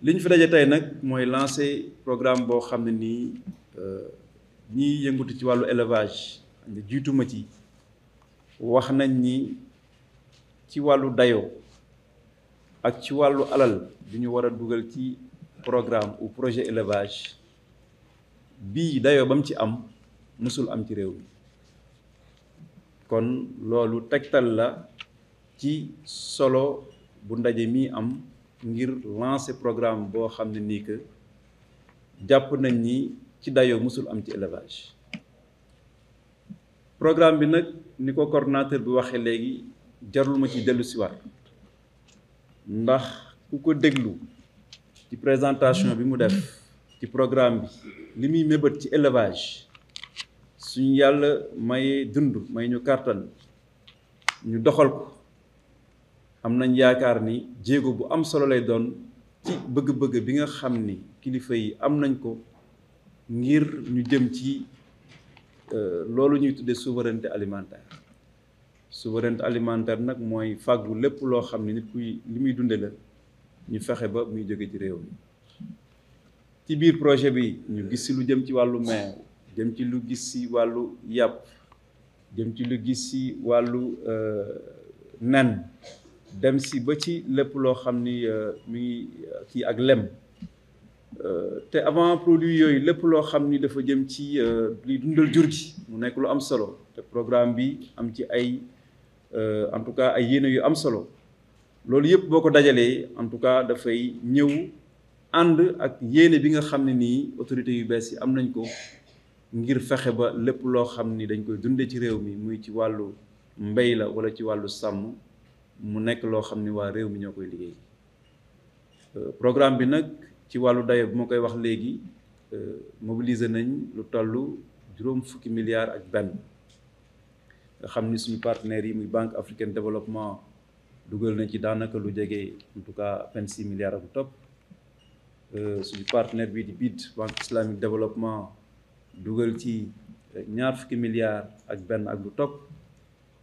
li ñu fi daje tey nag mooy lancé programme boo xam ne nii euh, ñiy yëngatu ci wàllu élevage nga jiituma ci wax nañ ni ci wàllu dayoo ak ci wàllu alal bi ñu war a dugal ci programme ou projet élevage bii dayoo ba mu ci am mosul am ci réew mi kon loolu tegtal la ci solo bu ndaje mii am ngir lancer programme boo xam ne nii que jàpp nañ ni ci dayo mosul am ci élevage programme bi nag ni ko coordonnateur bi waxee léegi jarul ma ci dellu siwaat ndax ku ko déglu ci présentation bi mu def ci programme bi li muy mébét ci élevage suñu yàlla mayee dund may ñu kàttan ñu doxal ko am nañ yaakaar ni jéego bu am solo lay doon ci bëgg-bëgg bi nga xam ni kilifa yi am nañ ko ngir ñu jëm ci euh, loolu ñuy tuddee souverainté alimentaire souverainté alimentaire nag mooy fàggu lépp loo xam ne nit kuy li muy dundee la ñu fexe ba muy jóge ci réew mi ci biir projet bi ñu gis si lu jëm ci wàllu meew jëm ci lu gis si wàllu yàpp jëm ci lu gis si wàllu euh, nen dem si ba ci lépp loo xam ni euh, mi ngi euh, kii ak lem euh, te avant produits yooyu lépp loo xam ni dafa jëm ci li dundal jur gi mu nekk lu am solo te programme bi am ci ay en tout cas ay yéene yu am solo loolu yëpp boo ko dajalee en tout cas dafay ñëw ànd ak yéene bi nga xam ne nii autorités yu bees yi am nañ ko ngir fexe ba lépp loo xam ni dañ koy dunde ci réew mi muy ci wàllu mbay la walla ci wàllu sàmm mu nekk loo xam ni waa réew mi ñoo koy liggéey euh, programme bi nag ci wàllu dayo bi moo koy wax léegi euh, mobiliser nañ lu tollu juróom fukki milliards ak benn nga xam ni suñu partenaires yi muy banque africaine développement dugal nañ ci daanaka lu jege en tout cas vingt six milliards ak lu topp euh, suñu partenaire bii di BID banque islamique développement dugal ci ñaar fukki milliards ak benn ak lu topp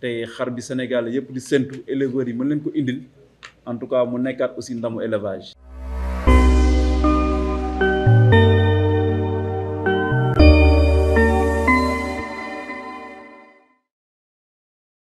te xar bi Sénégal yëpp di séntu éleveurs yi mën leen ko indil en tout cas mu nekkaat aussi ndamu élevage.